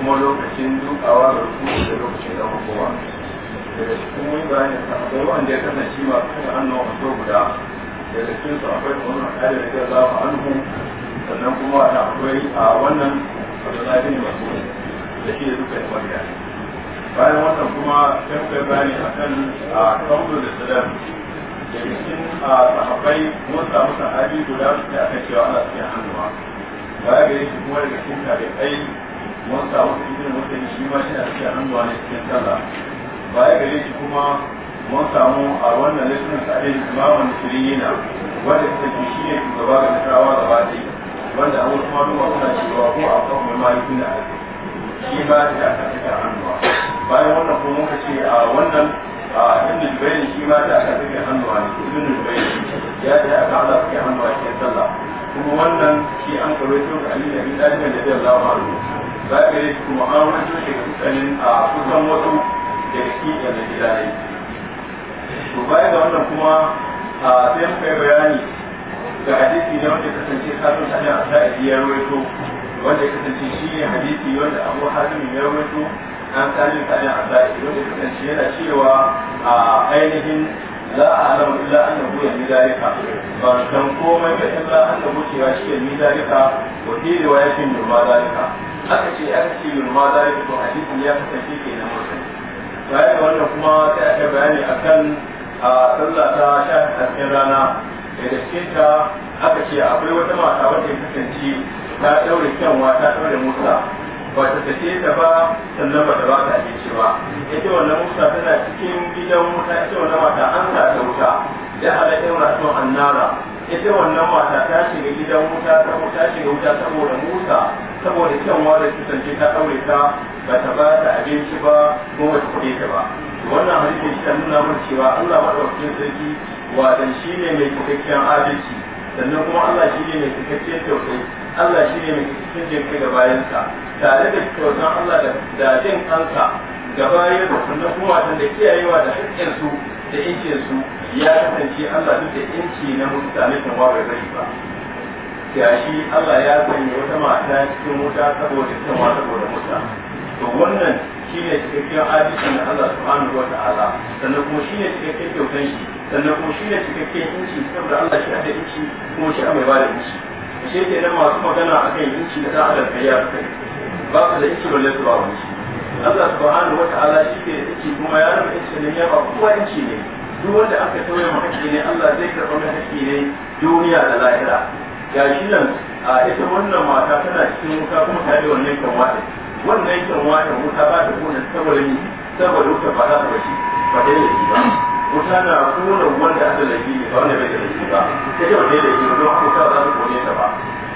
kuma lokacin dukawa da rukuku da lokacin da kowa daga cikin wani mun ta akwai wanda ya kasance ma kan a wato guda daga cikin su akwai umar ali da ya zafa anhu sannan kuma da akwai a wannan abdullahi masu ne da shi da duka ya mariya bayan wannan kuma sai kai bayani kan a kawo da salam da cikin a sahabbai mun samu sahabi guda su ne akan cewa ana cikin hannuwa baya ga yake kuma daga cikin tabi'ai wanda shi ma shi na sallah baya gare shi kuma mun samu a wannan listin sa'adin imaman siriyina wanda ta ke shi ne shugaba ga nasarawa gaba ɗaya wanda a wasu maluma suna cewa ko a kan mai maliki na ake shi ma da aka cikin hannuwa bayan wannan kuma muka ce a wannan a inda jubairi shi ma da aka cikin hannuwa ne ibn jubairi ya da aka ala cikin hannuwa cikin sallah kuma wannan shi an karo shi aliyu da bin da zai lawa a rubutu Za gare shi kuma an rantu shi kusanin a kusan wasu da shi da na gida ne to baya ga wannan kuma sai muka yi bayani ga hadisi wanda kasance kafin sanin a sa'adi ya rawaito wanda kasance shi ne hadisi wanda abu hazimi ya rawaito an sanin sanin a sa'adi wanda kasance yana cewa a ainihin لا أعلم إلا أنه يمي ذلك فلن قوم إلا أنه شيئا يمي ذلك وفي رواية يرمى ذلك aka ce aka ce yin ma za ya hadisin ya kasance ke nan mutum bayan da wannan kuma sai aka bayani akan a sallah ta sha hasken rana daga cikin aka ce akwai wata mata wata ya kasance ta daure kyanwa ta daure musa ba ta sake ta ba sannan ba ta ba ta abinci ba ita wannan musa tana cikin gidan wuta ita wannan mata an sa ta wuta ya halatta yin rasuwan annara ita wannan mata ta shiga gidan wuta ta shiga wuta saboda musa saboda kyanwa da sanci ta aure ta ba ta ba ta abinci ba ko wata kuɗe ta ba wannan hadisi shi ta nuna mun cewa Allah madaukakin sarki wadan shi ne mai cikakken adalci sannan kuma Allah shi ne mai cikakken tausayi Allah shi ne mai cikakken jinkai ga bayansa tare da kyautan Allah da jin kansa ga bayan da sannan kuma da kiyayewa da haƙƙinsu da incinsu ya kasance Allah duk da inci na mutane kan wa bai ba gashi Allah ya sanya wata mata cikin wuta saboda kyanwa saboda wuta to wannan shi ne cikakken adalcin da Allah subhanahu wa ta'ala sannan kuma shi ne cikakken kyautan shi sannan kuma shi ne cikakken inci saboda Allah shi da inci kuma shi mai ba da inci shi ke nan masu magana akan inci da za a da kai ya kai ba su da inci ba su ba wani Allah subhanahu wa ta'ala shi ke da inci kuma ya rubuta inci ne ya ba kowa inci ne duk wanda aka tauye mu hakki ne Allah zai karɓa mu hakki ne duniya da lahira ga shi nan a ita wannan mata tana cikin wuta kuma ta yi wannan kyanwa wata. wannan kyanwa wata wuta ba ta kone saboda yi saboda wuta ba za ta bashi ba ta yi laifi ba wuta na kone wanda aka laifi ba wanda bai da laifi ba ta yi wanda ya laifi ba don haka wuta ba za ta kone ta ba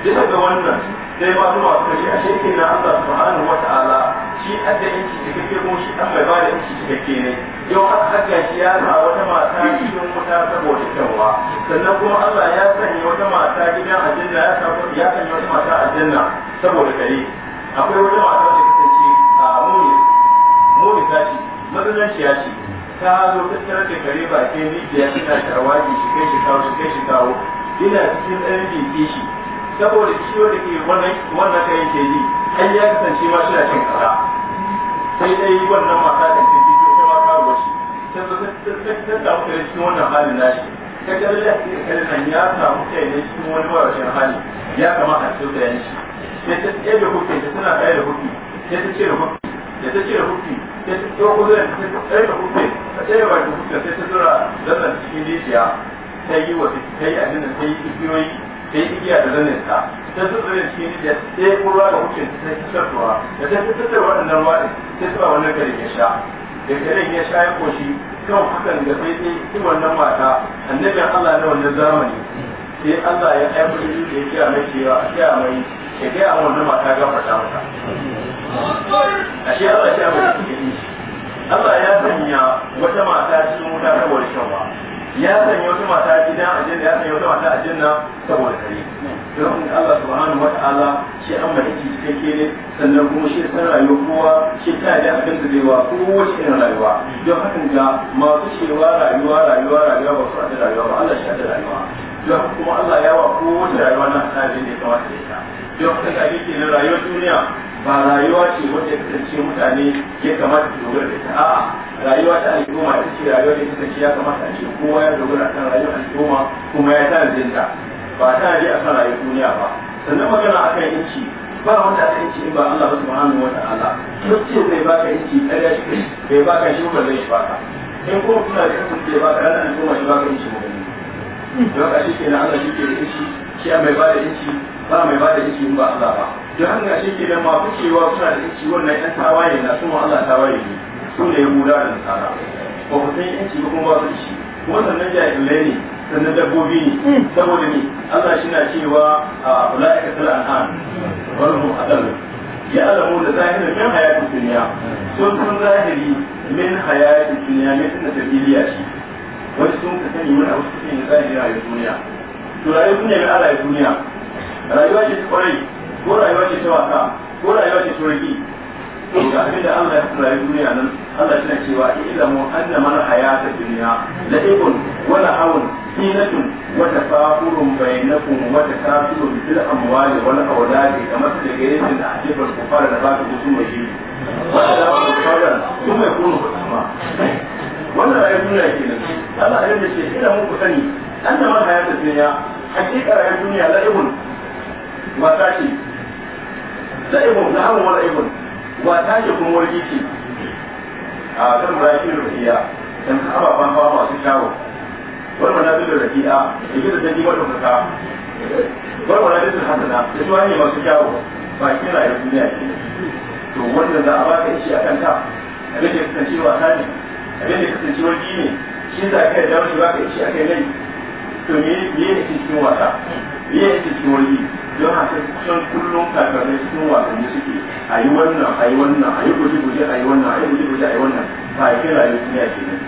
duka ga wannan sai ma zuwa suka ce a shekin na Allah subhanahu wa ta'ala shi adda yanki da kake mu shi dan mai ba da yanki da kake ne yau har haka shi ya sa wata mata cikin wuta saboda kyanwa sannan kuma Allah ya sanya wata mata gidan aljanna ya sa ya sanya wata mata aljanna saboda kare akwai wata mata da kasance a muni muni ta ce mazalanciya ce ta zo tattara da kare ba ke ni da ya tana sharwaji shi kai shi kawo shi kai shi kawo ina cikin ɗan jiki shi saboda ciwo da ke wannan kayan ke yi an ya kasance ma suna cin kaza sai dai wannan mata da take ji ta ma kawo shi ta ta ta ta cikin wannan halin nashi ta kalla da nan ya samu kai ne cikin wani barashin hali ya kamata a tsotsa yan shi sai ta tsaye da ta tana tsaye da hukki sai ta ce da hukki da ta ce da hukki sai ta tsoro da ta da hukki ta tsaye da bakin sai ta zura zannan cikin rijiya ta yi wa ta yi abin da ta yi igiyoyi ta yi igiya da zannan ta ta tsotsa da cikin da ya yi ruwa da wucin ta sai fitarwa da ta fitar waɗannan ruwa sai ta tsaba wannan garin ya sha da garin ya sha ya koshi kan hakan da sai sai ita wannan mata annabin Allah na wannan zamani sai Allah ya kai aiko da ya kiya mai cewa a kiya mai ya a wannan mata gafarta mata ashe Allah ya mai Allah ya sanya wata mata cikin wuta saboda shan ya sanya wata mata a gidan aljanna ya sanya wata mata a aljanna saboda kare don Allah subhanahu wa ta'ala shi an malaki cikakke ne sannan kuma shi san rayuwa kowa shi ta yi abin da zai wa kowace irin rayuwa don hakan ga masu cewa rayuwa rayuwa rayuwa ba su da rayuwa ba Allah shi da rayuwa don kuma Allah ya wa kowace rayuwa na ta da ya kamata da ita don hakan ga yake rayuwar duniya ba rayuwa ce wanda ya kasance mutane ya kamata su dogara da ita a'a rayuwa ta al'umma ita ce rayuwa da ya kasance ya kamata a ce kowa ya dogara kan rayuwar al'umma kuma ya tanadin ta ba ta tanaji a kan rayuwar duniya ba sannan magana a kan inci ba wanda ta inci in ba Allah ba subhanahu wa ta'ala duk ce zai baka inci ɗaya shi bai baka shi ba zai shi baka in kuma kuna da kasan ba baka ranar al'umma shi baka inci ba don a shi ke na Allah shi ke da inci shi mai ba da inci ba mai ba da inci in ba Allah ba don haka shi ke da masu cewa suna da yanci wannan yan tawaye na sun Allah tawaye ne da ya yahuda da nasara ba ku san yanci ba kuma ba su shi kuma sannan jahilai ne sannan dabbobi ne hmm. saboda ne Allah shi na cewa a ula'ika tal wani walhum adal ya alamu da zahirin min hayatun duniya sun sun zahiri min hayatun duniya ne suna tabiliya shi wani sun ka sani wani abu suke yin zahiri a duniya to rayuwar duniya mai ala duniya rayuwa ce ta kwarai ko rayuwa ce ta wasa ko rayuwa ce ta rigi to ga abin da Allah ya kula duniya nan Allah yana cewa ilmu anna man hayata dunya la'ibun wa la'awun hinatun wa tafahurun bainakum wa takasurun fil amwali wal awladi kamar da gairin da ajibul fara da ba su mai shi wala kufaran kuma yakunu kuma wannan rayuwar duniya ke kenan Allah ya ce ila mu ku sani anna man hayata dunya hakika rayuwar duniya la'ibun wasa ce سيهم نعم ولعب وتاجكم والجيشي كم da الرقية كم أبا فانفا ما سيشاو والمنابل الرقية يجد الجدي والمكا والمنابل الحسنة يسواني ما سيشاو باكين رأي الدنيا to wanda za a ka shi a kanka abin da kasance wasa ne abin da kasance warki ne shi za ka yarda shi ka shi a kai lai to me yake cikin wasa me yake cikin warki don haka kusan kullum kakanai cikin wasanni suke a yi wannan a yi wannan a yi guje guje a yi wannan a yi guje guje a yi wannan ba a kai rayuwar duniya ke nan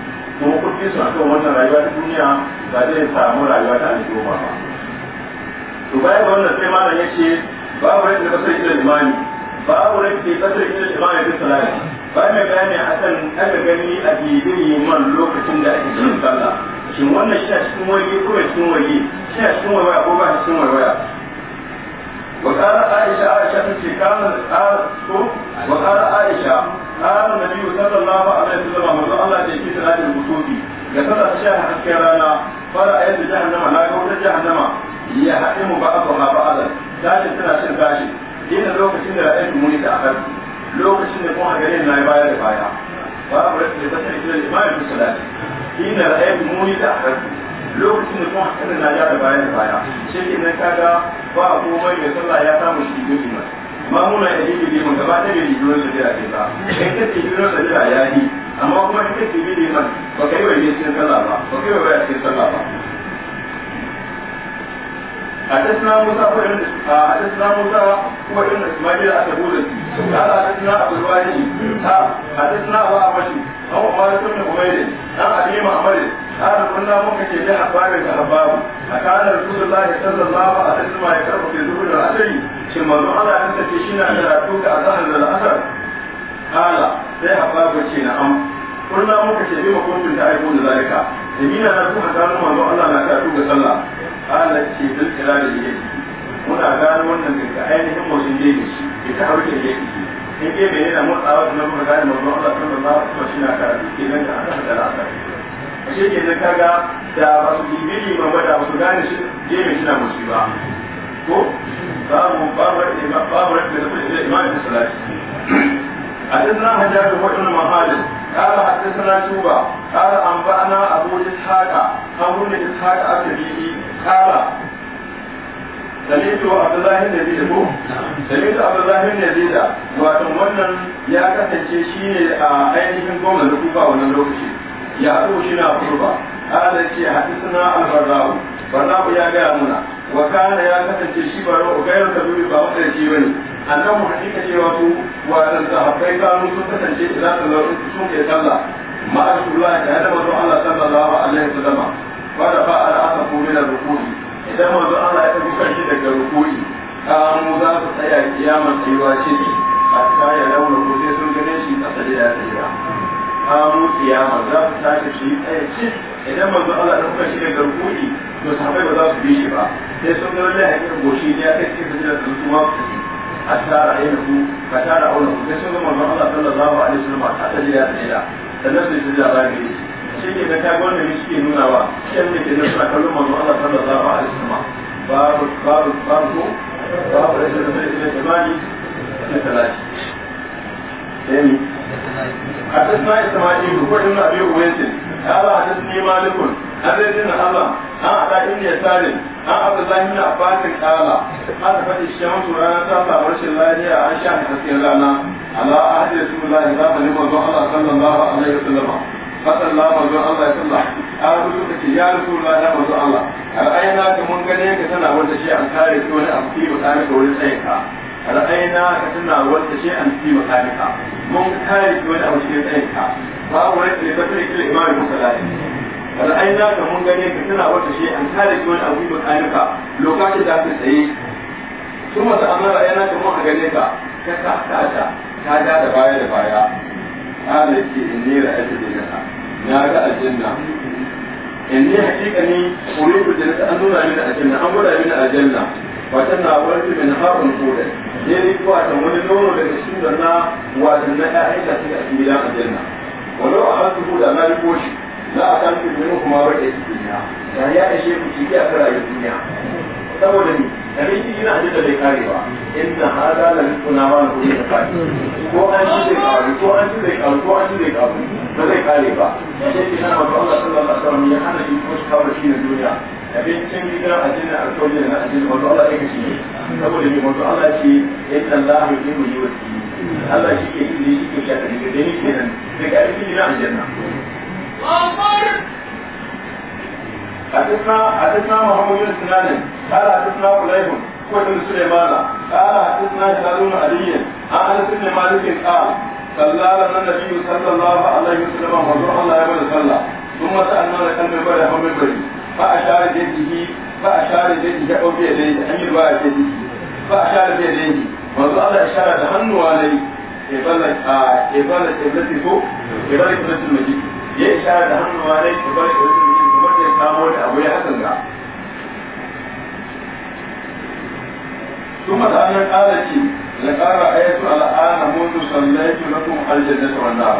kuma kuɗi su akan wannan rayuwa ta duniya ba zai samu rayuwa ta aljihu ba ba to bayan ga wannan sai malam ya ce babu rai da kasar ilil imani babu rai da kasar ilil imani bin salati ba mai ne akan aka gani a bibin man lokacin da ake jin sallah shin wannan shi a cikin wani ko cikin wani shi a cikin wani ko ba cikin wani وقال عائشة عائشة تنشي كان قال وقال عائشة قال النبي صلى الله عليه وسلم وقال الله تيكي سلال الوسوط لقد أشاها أسكرانا فرأيت جهنم لا يقول جهنم يحكم بعضها بعضا ذلك سنة شركاشي إن لوكسين رأيت مني أخر لوكسين يكون غير لا يبايا لبايا فأبرت لتسعي إلى الإمام في الصلاة إن رأيت مني أخر lokacin da kuma hakan na ya da baya da baya shi ke nan kaga ba abu mai sallah ya samu shi biyu liman mamuna ya jibi liman gaba ta bai jibi wani jira ke ba in ka ce jibi da jira ya yi amma kuma in ka ce jibi liman ba ka yi wa yi cikin sallah ba ba ka yi wa baya cikin sallah ba ma muka ce da ababin da ababu a kana rasulullahi sallallahu alaihi wasallam ya karbu fi da al-asri shin manzo Allah ya tace shi na karatu ga azhar da asr kala sai ababu ce na am Kullum muka bi da aiko da zalika da mina na kuka gano manzo Allah na karatu ga sallah kala ce bil kirari ne muna gano wannan daga ainihin motsin da yake shi da yake in ke bayyana motsawa da nan muka gane Allah sallallahu alaihi wasallam shi na karatu nan da azhar da asr shi ne na kaga da ba su yi biyu ba ba da su gane shi je mai suna musu ba ko ba mu ba mu rage ba ba mu rage da kuma da salati a cikin na hajjar da kwakwalwa mahalin kara a cikin nan tuba kara an ba na abu da haka abu da ta haka a ta biyu kara Salitu Abdullahi ne zai ko? Salitu Abdullahi ne zai da, wato wannan ya kasance shi ne a ainihin goma na kufa wannan lokaci. يعقوب شنا قربا قال شي حدثنا البراء براء يا غامنا وكان يا كتنتي شي براء غير كبير با ودا a بني annabu hakika ce wato wa da kanu sun kasance idan Allah sun kai sallah ma Rasulullah da Allah sallallahu alaihi wasallam wa da fa al-asafu min al-ruku'i idan manzo Allah ya tafi kanshi daga ruku'i kanu za su tsaya kiyama tsayuwa ce hatta ya launa ko sun gane shi a ya kamo kiyama za su tashi su yi tsaye cin idan manzo Allah da kuka shi da to sahabbai ba za su bi shi ba sai sun ga wajen haƙiƙa goshi ne ya kai cikin sajidar tuntuwa hatta ra'ayinku ka tara auna ku sai sun ga manzo Allah sallallahu alaihi wasallam a ta jira da jira sannan su yi ba ne shi ke ga kagon da shi ke nuna ba shi ne ke nuna kallon manzo Allah sallallahu alaihi wasallam babu babu babu babu rashin da zai iya tsamani da حدثنا إسماعيل وابن أبي أويس قال حدثني مالك عن بن الله عن عطاء بن يسار عن عبد الله بن عباس قال أصبحت الشمس رانا تطلع ورش الله عن شأن كثير لنا على عهد رسول الله إذا فلم الله صلى الله عليه وسلم فصلى الله الله يصلى قالوا لك يا رسول الله يا رسول الله رأيناك من قليلك سنة وانت شيئا كارث وانا أبكي وتعمل ورسائك رأيناك سنة وانت شيئا في مكانك mun kare shi wani abu cikin tsayinka babu wani tsayinka sai da mun gane ka tana wata shi an kare shi wani abu ibn alika lokacin da tsaye kuma ta amara yana da mun gane ka ka ka ta ta da da baya da baya Allah ce inni ra'aytu jinna na ga aljanna inni hakika ni uridu jannata an nuna mini aljanna an gwada mini aljanna wata na wani min haɓun kodai ya ne kuwa ta wani nono da cikin da na wajen na ƴaƴan da suke a cikin gidan aljanna walau a hantu ko da na yi shi Na a san fi min kuma wa da cikin ya da ya ishe ku ciki a kan rayuwar duniya saboda ni da ni ciki na aljanna bai kare ba inna hada la rizquna ma lahu min fadi ko an ci zai karu ko an ci zai karu ko an ci zai karu ba zai kare ba sai ki na Allah sallallahu alaihi wasallam ya hana shi ko shi kawo shi na duniya abincin gida a jina a kauye na a jina wanzu Allah ya kashi ne saboda ne wanzu Allah ce ya yi Allah ya mu yi wasi Allah shi ke yi shi ke shaɗa ne da yake nan daga abincin gida a jina. حدثنا حدثنا محمود بن سنان قال حدثنا قليب وابن سليمان قال حدثنا هلال علي عن انس بن مالك قال صلى لنا النبي صلى الله عليه وسلم وزر الله يوم صلى ثم سالنا لك من بعد يوم ba a share da jiki ba a share da jiki ya kofi ya dai hanyar ba a ce jiki ba a share da jiki wanzu Allah ya share da hannuwa ne ke balla a ke balla ke zai ko ke ke zai maji ya share da hannuwa ne ke balla ke zai maji kamar da ya samu da abu ya hakan ga ثم تعالى قال شيء لقد رأيت على آن موت صليت لكم الجنة والنار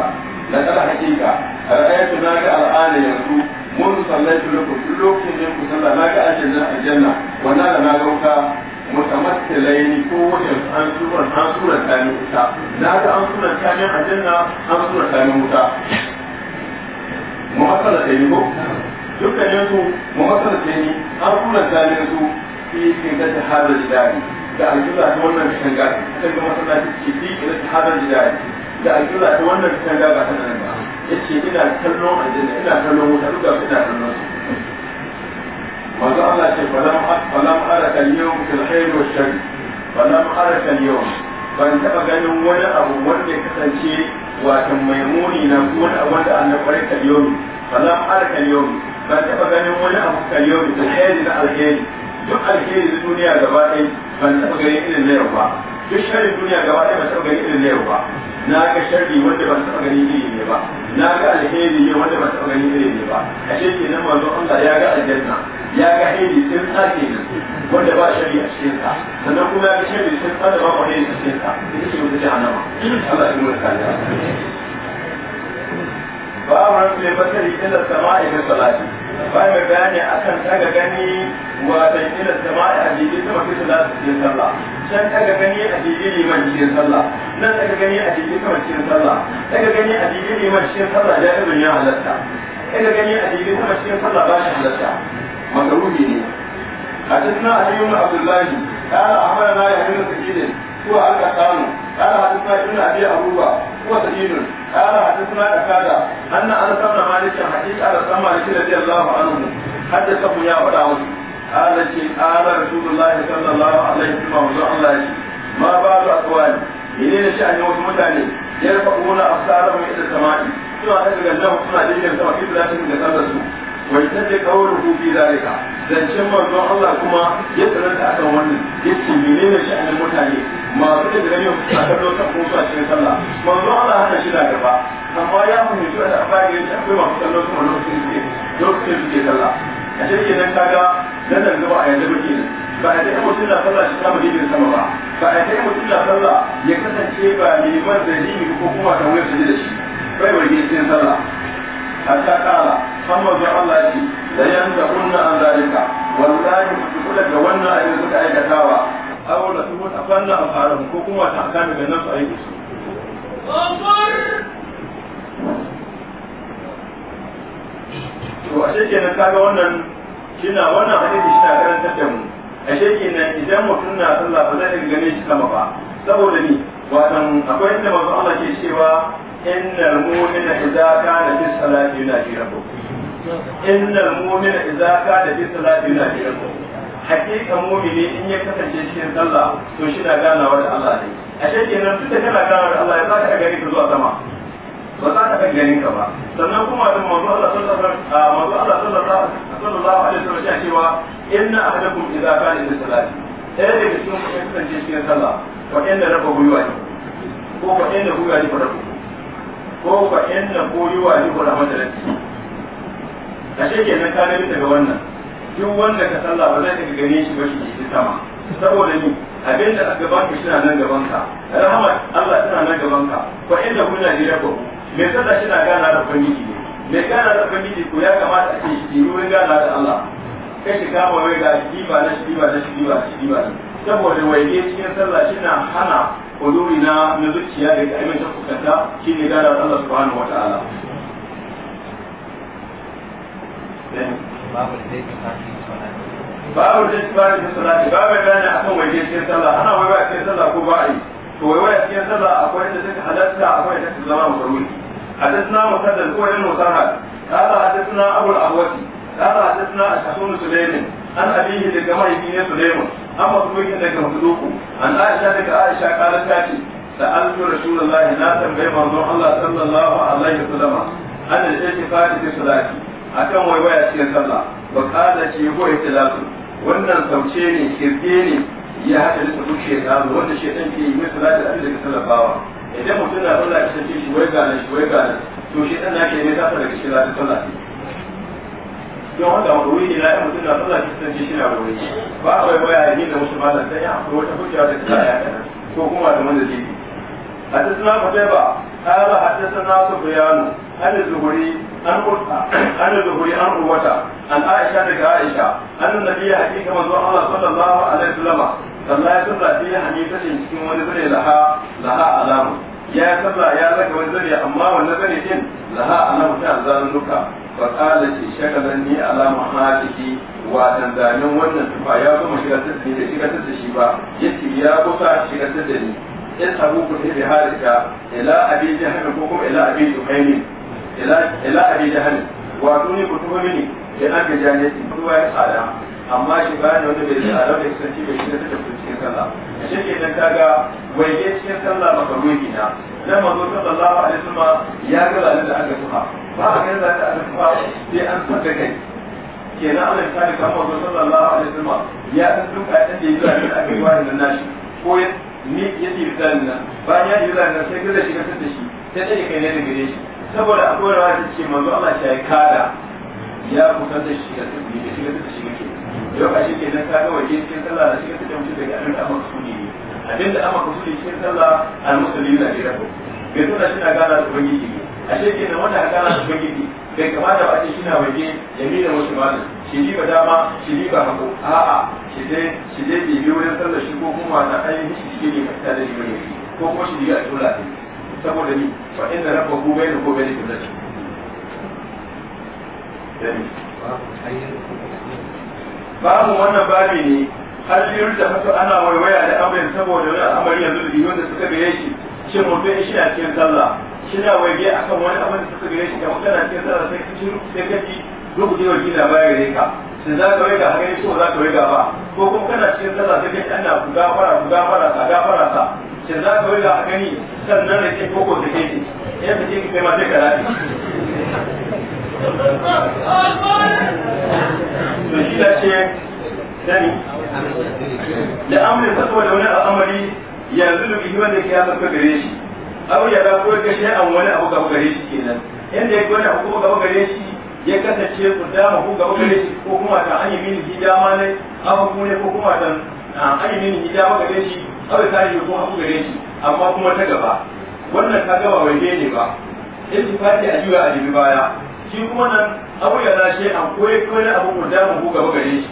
لقد حقيقة رأيت ذلك على آن يسوع mun sallaitu lakum duk lokacin da ku sallah na ga aljanna aljanna wannan da na gauka mutamassilaini ko wata an sura an sura ta ne wuta na ga an sura ta ne aljanna an sura ta ne wuta muhassala ta ne ko dukkanin su muhassala ta ne an sura ta ne su fi kinga ta hadar jidari da aljanna ta wannan kan gari ta ga masallaci ci fi kinga ta hadar jidari da alƙibla ta wannan ta ga ba ta nan ba ce ina kallon aljanna ina kallon wuta duka ina kallon su manzo Allah ce falam falam araka al-yawm fil khair wa falam araka al-yawm ban taba ganin wani abu wanda ya kasance wato mai muni na wani abu wanda an kware kan yawm falam araka al-yawm ban taba ganin wani abu kan yawm fil khair na alheri duk alheri na duniya gaba ɗaya ban taba ganin irin na yau ba duk sharri duniya gaba ɗaya ba taɓa gani irin na yau ba na ga sharri wanda ban taɓa gani irin ne ba na ga alheri ne wanda ban taɓa gani irin ne ba a ce kenan manzon Allah ya ga aljanna ya ga heri sun ke nan wanda ba sharri a cikin sannan kuma ya ga sharri sun tsada ba heri a cikin sa ita ce wata jahannama Allah ya mulka ta ba mu rabu ne basari ila sama'i da salati ba mai bayani akan daga gani wa da ila sama a jikin sama fi salati cikin sallah can daga gani a jiki liman cikin sallah nan daga gani a jiki sama cikin sallah daga gani a jiki liman cikin sallah ya izin ya halatta daga gani a jiki sama cikin sallah ba shi halatta makaruhi ne حدثنا علي بن عبد قال اخبرنا يحيى بن هو القطان قال حدثنا ابن ابي عروبه هو سعيد قال حدثنا اكادا ان انس بن مالك حديث على سمع رضي الله عنه حدثه يا وداوود ala ce ala rasulullahi sallallahu alaihi wasallam manzo Allah shi ma ba su akwani ne ne shi an yi wasu mutane yarfa'una absarahum ila samai suna daga gandan suna dinga sama fi zalatin da sallar su wa yadda qawluhu fi zalika zancen manzo Allah kuma ya tsaranta akan wannan yace menene shi an mutane masu da ganin a kallo ta ko sa cikin sallah manzo Allah hana shi da gaba amma ya fahimci da afari yace akwai masu kallo su a shirke nan kaga nan da zuba a yanzu muke ba a dai mutum na sallah shi kama dinin sama ba ba a dai mutum na sallah ya kasance ba liman da dini ko kuma kan wani shi da shi bai warge cikin sallah hatta kala san manzon Allah ya ce la kunna an zalika wallahi mutum kula da wannan ayyukan suka aikatawa aw la tuwa tafanna afaran ko kuma ta kana da nasu ayyuka to ashe kenan kaga wannan shina wannan hadisi shina karantar da mu ashe kenan idan mutum na sallah ba zai ga gane shi sama ba saboda ni watan akwai inda manzo Allah ke cewa innal mu'mina idza kana fi salati yunaji rabbuh innal mu'mina idza kana fi salati yunaji rabbuh hakika mu'mini in ya kasance cikin sallah to shi na ganawa da Allah ne ashe kenan tunda kana ganawa da Allah ya zaka gani ka zuwa sama ba za ka ganin ka ba sannan kuma da manzo Allah sallallahu alaihi wasallam ah, a cewa inna ahadakum idza kana ila salati ɗaya daga cikin kuma kan je cikin sallah wa inna rabu guyuwa ne ko wa inna guyuwa ne rabu ko wa inna guyuwa ne fara madalati ashe kenan ka gani daga wannan duk wanda ka sallah ba za ka gane shi ba shi sama saboda ni abin da aka ku shi nan gaban ka rahama Allah tana nan gaban ka ko inda kuna li rabbukum mai sallah shina gana da ubangiji ne mai gana da ubangiji ko ya kamata a ce shi ne wurin gana da Allah kai shi kama wai ga shi ba na shi ba na shi ba shi ba saboda waige cikin sallah shi na hana huduri na na zuciya da kaimin ta fuskanta shi ne gana da Allah subhanahu wataala babu da zai tsari da salati babu da ne akan waige cikin sallah ana wai ba cikin sallah ko ba yi to wai wai cikin sallah akwai da take halatta akwai da take zama musulmi حدثنا مسدد هو ابن مسرهد قال حدثنا ابو الاهوس قال حدثنا الحسون سليم عن ابيه لجمع بن سليم اما سويك لك مصدوق عن عائشه لك عائشه قالت تاتي سالت رسول الله لا تنبئ منظور الله صلى الله عليه وسلم عن الاعتقاد في صلاتي akan waiwaya cikin sallah wa kada ce ko ihtilafu wannan sauce ne kirge ne ya haɗa da tushe ta wanda shedan ke yi mai salati da abin da ka sallabawa idan mutum na sallah ya kasance shi wai gane shi wai gane to shi ɗan nashi ne zafa daga cikin lafi sallah don wanda wanda wuri ne lafi mutum na sallah ya kasance shi na wuri ba a wai waya yi da musu malam sai ya akwai wata hujja da ta ya kana ko kuma da wanda zai حدثنا قتيبة قال حدثنا سفيان عن الزهري عن عن الزهري عن قوة عن عائشة لك عائشة أن النبي حقيقة من الله صلى الله عليه وسلم صلى الله عليه وسلم في حديثة cikin wani bane laha laha alamu ya sallah ya raka wani zari amma wannan zari din laha Allah ta ba fa ce shi ni ala mahaliki wa dan wannan tufa ya zo mu shiga tsadi da shiga tsadi ba ba yace ya kusa shiga tsadi ni in abu ku sai halika ila abi jahannam ko kuma ila abi duhaini ila ila abi jahannam wa tuni ku tuba mini da aka jani ruwa ya tsada amma shi bayan wani bai tsada bai sanci bai shiga tsadi cikin sallah a shirke dan kaga waige cikin sallah maka ruhi na dan mazo sallallahu alaihi wasallam ya ga lalin da aka tuha ba a ga lalin da aka tuha sai an sanda kai kenan Allah ya kare kan mazo sallallahu alaihi wasallam ya san duk a da yake da aka yi wani nan nashi ko ni yake yi zalin nan bayan ya yi zalin nan sai gaza shiga da shi sai ta kai ne da gare shi saboda akwai rawa ta ce manzo Allah shi ya kada ya kusa da shi ga tsibi shi ga tsibi shi ga yau a shi na ka ga waje cikin sallah da cikin tafiya mutum daga abin da amma kusuri ne abin da amma kusuri cikin sallah al-musulmi na ke rabo bai tuna shi na gana da ubangiji ne a shi na nan wanda gana da ubangiji bai kamata ba ce shi na waje ya nuna wasu malam shi riba dama shi riba hako a'a shi dai shi dai bai biyo wurin sallar shi ko kuma na ainihin shi ke ne mai tare da shi ko kuma shi riga a tura ne saboda ni fa inda rabba ku bai da ko bai da kiblati. Dani. babu wannan babi ne har shi da haka ana waiwaya da amarin saboda wani al'amari yanzu da yiwu da suka gare shi shi shi na cikin sallah shi na waige a kan wani abin da suka gare shi kamar kana cikin sallah sai kaci sai gina baya gare ka shi za ka waiga haka ne so za ka waiga ba ko kuma kana cikin sallah sai kaci ana ku gafara ku gafara ka gafara ka shi za ka waiga sannan da ke koko da ke ce yadda kai ma sai ka rafi to shi da ce dani da amrin fatwa da wani al'amari yanzu da bihi wanda ke ya sauka gare shi abu ya ko ya kashe an wani abu gaba gare shi kenan yanda ya ga wani abu gaba gare shi ya kasance ku dama ku gaba gare shi ko kuma ta an yi mini hijama ne abu ne ko kuma ta an yi mini hijama gare shi abu ta yi ko abu gare shi amma kuma ta gaba wannan ta gaba bai ne ba ittifaqi a juya a jibi baya shi kuma nan abu ya lashe an koyi koyi abu guda mu buga gare shi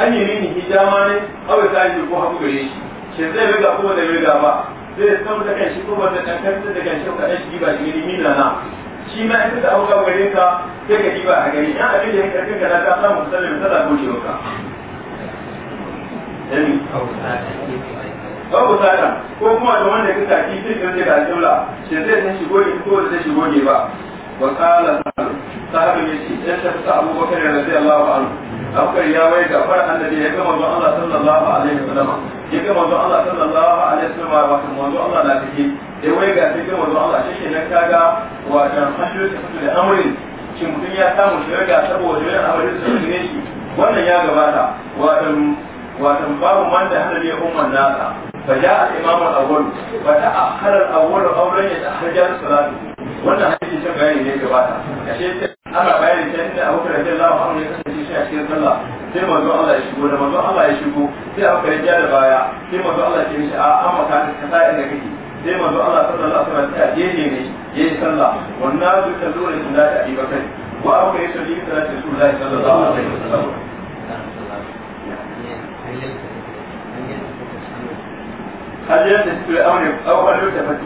an yi rini ni dama ne abu ta yi ko hagu gare shi shi zai riga ko da riga ba zai san da kan shi ko da kan kan da kan shi ka shi ba shi ne min na shi ma in ka abu ga gare ka sai ka ba a gari ya abin da ya karfin ka na ka samu sallin sallah ko shi ka babu sata ko kuma da wanda ka saki duk da ka jumla shi zai san shigo ne ko da shigo ne ba وقال صاحب يجي يشهد أبو بكر رضي الله عنه أبو بكر يا ويك أفر الذي يكمل الله صلى الله عليه وسلم يكمل الله صلى الله عليه وسلم وكمل الله لا تجي ya wai ga sai kuma Allah shi ke nan kaga wajen hanyoyi da amurin shi mutum ya samu shirga saboda yin amurin su ne shi wannan ya gabata wajen wajen babu man da hana ne umman nasa fa ja al salatu wannan bayani ne gabata ashe ana bayani ta inda abu kare da Allah ya kasance shi a cikin sallah sai manzo Allah ya shigo da manzo Allah ya shigo sai abu kare da baya sai manzo Allah ya ce a amma maka ka sa inda kake sai manzo Allah sallallahu alaihi wasallam ya jeje ne yi sallah wannan duk da zuwa da Abi Bakar wa abu kare sai da Rasulullahi sallallahu alaihi wasallam هل يلتفت الأمر أو هل يلتفت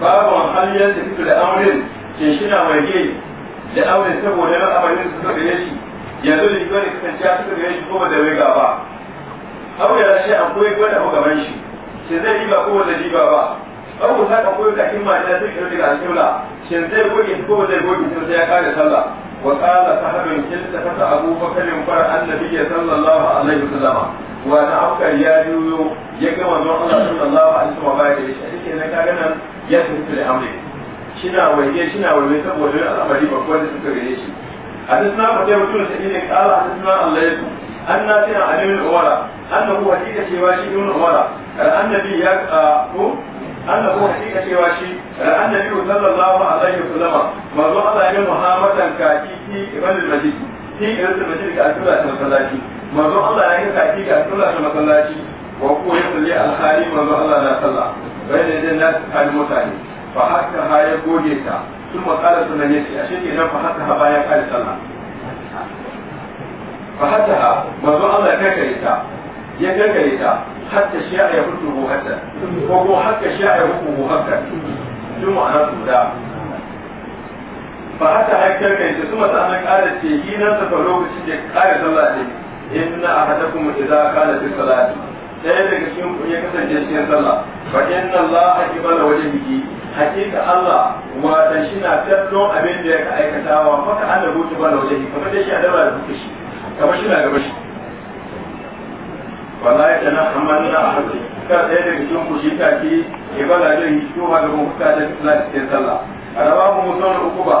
babu haliyar da fito da auren ke shina warge da auren saboda na amarin su suka gare shi yanzu da yiwuwa da kasance a suka gare shi kuma da wai gaba aure da shi akwai koyi gwada abu gaban shi shi zai riba ko da riba ba aure ta kan koyi da himma da zai kira daga alƙibla shi zai goge ko zai goge sai ya kare sallah وقال صاحب التفت ابو بكر فرأى النبي صلى الله عليه وسلم وانا افكر يا يويو يا كما الله صلى الله عليه وسلم باي da shi ake na kaga nan ya tafi da amri shina waje shina waje saboda al'amari ba ko da suka gare shi hadisna fatiha rasul sallallahu qala hadisna allah an nafi an ibn umara annahu hakika cewa shi ibn umara annabi ya ko annahu hakika cewa shi annabi sallallahu alaihi kan kaji fi ibadul masjid fi ibadul masjid ga asula ta masallaci manzo Allah ya yi kaji ga asula ta masallaci wa ko ya tsalle alhali manzo Allah na sallah bai da idan nasu kan mutane fa haka ha ya goge ta sun makala sunan yace ashe kenan fa haka ha bayan kai sallah fa haka ha manzo Allah ya kakare ta ya kakare ta hatta shi'a ya hutu hatta ko ko hatta shi'a ya hutu hatta juma'a na guda fa hata hakkar kai su kuma sa'an ƙara ce nan sa lokacin da ƙara sallah ce inna ahadakum idza kana fi salati ɗaya daga cikin ku ya kasance cikin sallah fa inna Allah wajen wajhihi hakika Allah wata shi na don abin da ya ka aikatawa maka ana rubuta ba wajhihi kamar da shi a dabara da shi kamar shi na gaba shi wala ya tana hamanna ahadu ka ɗaya daga cikin ku shi take qibala shi ko ha ga mu ta da sallah rawahu muslim ukuba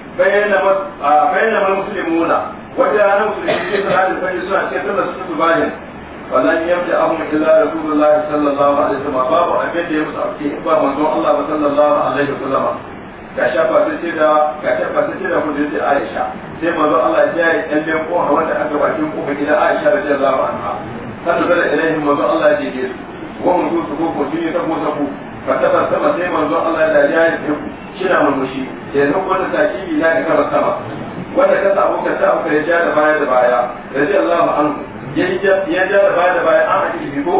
bayyana muslimuna wajen ranar musulmi ke sanar da fari da kuma ya musu auki ba su shina murmushi yanzu wanda takibi na da kaba sama wanda ka samu ka samu ka ja da baya da baya radi Allahu anhu ya ja da baya da baya an hadisi ko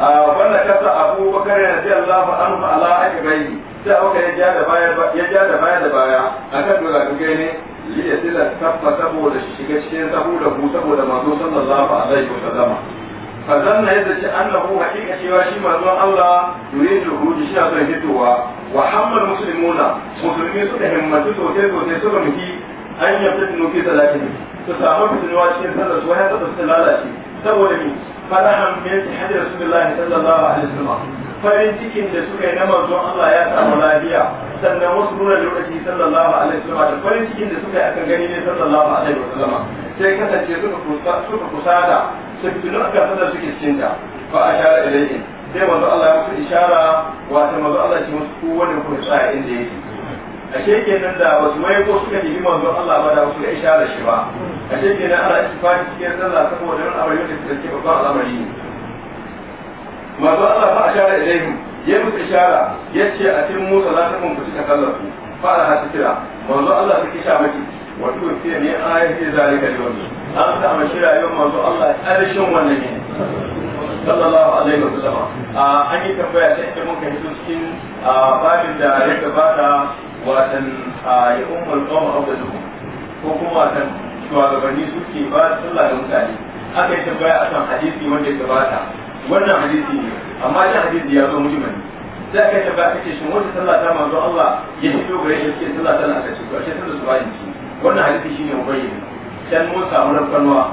ah, wanda ka sa Abu Bakar radi Allahu anhu ala akibai sai aka ya ja da baya ya ja da baya da baya akan dora duke ne li yasila kafa saboda shiga cikin saboda ku saboda manzo sallallahu alaihi wasallama fazan na yadda ce annahu hakika cewa shi manzon Allah yuridu hudu shi na son hitowa wa musulmi suka himmatu sosai sosai suka muhi an yi fitinu fi su samu fitinuwa cikin sallar lalace saboda mi falahan min hajjar rasulullahi farin cikin da suka yi na manzon Allah ya samu lafiya sannan wasu nuna lokaci sallallahu alaihi wasallam da farin cikin da suka yi akan gani ne sallallahu alaihi wasallam sai kasance suka kusa suka kusada su fitinu akan sallar suke cikin ta fa ashara ilayhim sai manzo Allah ya musu ishara wato manzo Allah ya musu kowanne ku tsaya inda yake ashe kenan da wasu mai ko suka yi manzo Allah ba da wasu ishara shi ba ashe kenan ana istifadi cikin sallah saboda wani abu da yake babban al'amari ne masu Allah fa ashara ilaihim ya musu ishara yace a cikin musa za ta kun fi ta sallar ku fara ta kira manzo Allah ta kisha maki wato sai ne ayat ce zalika yau an ta mashi rayuwar manzo Allah ƙarshen wannan ne sallallahu alaihi wa sallam an yi tambaya ta inda muka hito cikin babin da ya gabata watan ya ummul qawm abdaluhum ko kuma watan shugabanni suke ba sallah da mutane aka yi tambaya akan hadisi wanda ya gabata wannan hadisi ne amma shi hadisi ya zo mutum ne za ka taba aka ce shi wata sallah ta manzo Allah ya fito gare shi ke sallah ta aka ce ashe sallah su bayin ci wannan hadisi shine mubayyin dan mun samu rafanwa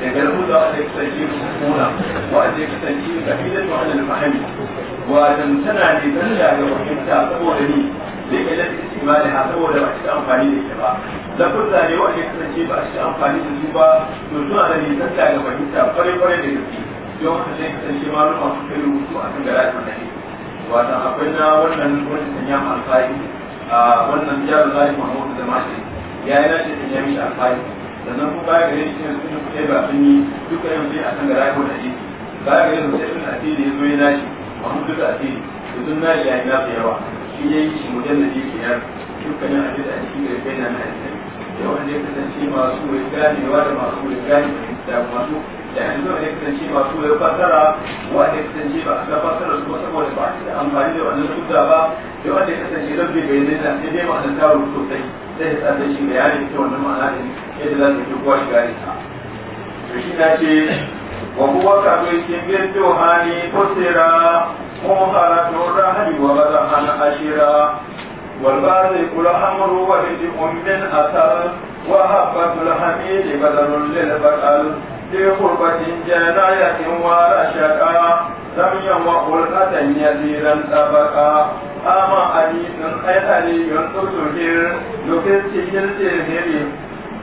daga nan mutu aka kasance kuna wa aka kasance da wa ne ga fahimta saboda ni da ke da ha saboda ba amfani da ita ba da wa ba amfani da su ba to suna da ne dan da ga fahimta da gaske don haka sai su kai rubutu a kan wata akwai na wannan wani sanya alfahimi a wannan da mashi ya yi na sanya mishi alfahimi sannan kuma baya gare shi yanzu sun kai ba sun yi duka yanzu sai a san gara ko da shi baya gare su sai sun asiri ya zo ya nashi a hudu duka asiri da sun nashi ya yi nasu yawa shi ya yi shi mutum da shi biyar dukkanin abin da a cikin da kai na na asiri yau an zai kasance masu wai ganewa da masu wai gane da masu da yanzu an zai kasance masu wai fasara wa an zai kasance ba a ga fasara su saboda ba a amfani da wannan sura ba yau an zai kasance rabbi bai zai na sai dai ma'anar taro sosai sai ya sa shi bayani ta wannan ma'ana da yadilan da duk wani gari ta to shi na ce wa ku waka to yake gento hali ko sera ko hala ra hali wa ba za hana ashira wal ba zai kula amuru wa hindi umin asal wa haɓa tula hami da badalun lil bakal ɗin kurbatin jana ya kin wara shaka zan yin wa kulkatan ya ziran tabaka ama ali nan ai ali yan tutu hir lokacin cikin tirhirin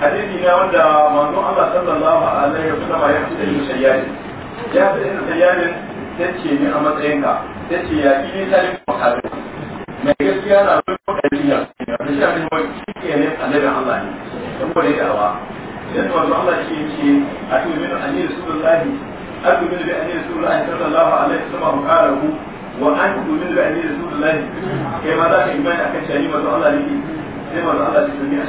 hadisi na wanda manzon Allah sallallahu alaihi wasallam ya fita yin sayyani ya fita yin sayyani tace ni a matsayinka. tace ya ki ne salim makalu mai gaskiya na rubuta kokari ya da shi abin wani kike ne annabin Allah ne dan bare da awa dan manzon Allah shi yake a tumin annabi sallallahu أؤمن بأن رسول الله صلى الله عليه وسلم قاله وأن تؤمن بأن رسول الله a kan shayi wanzu Allah ما Sai wanzu Allah الله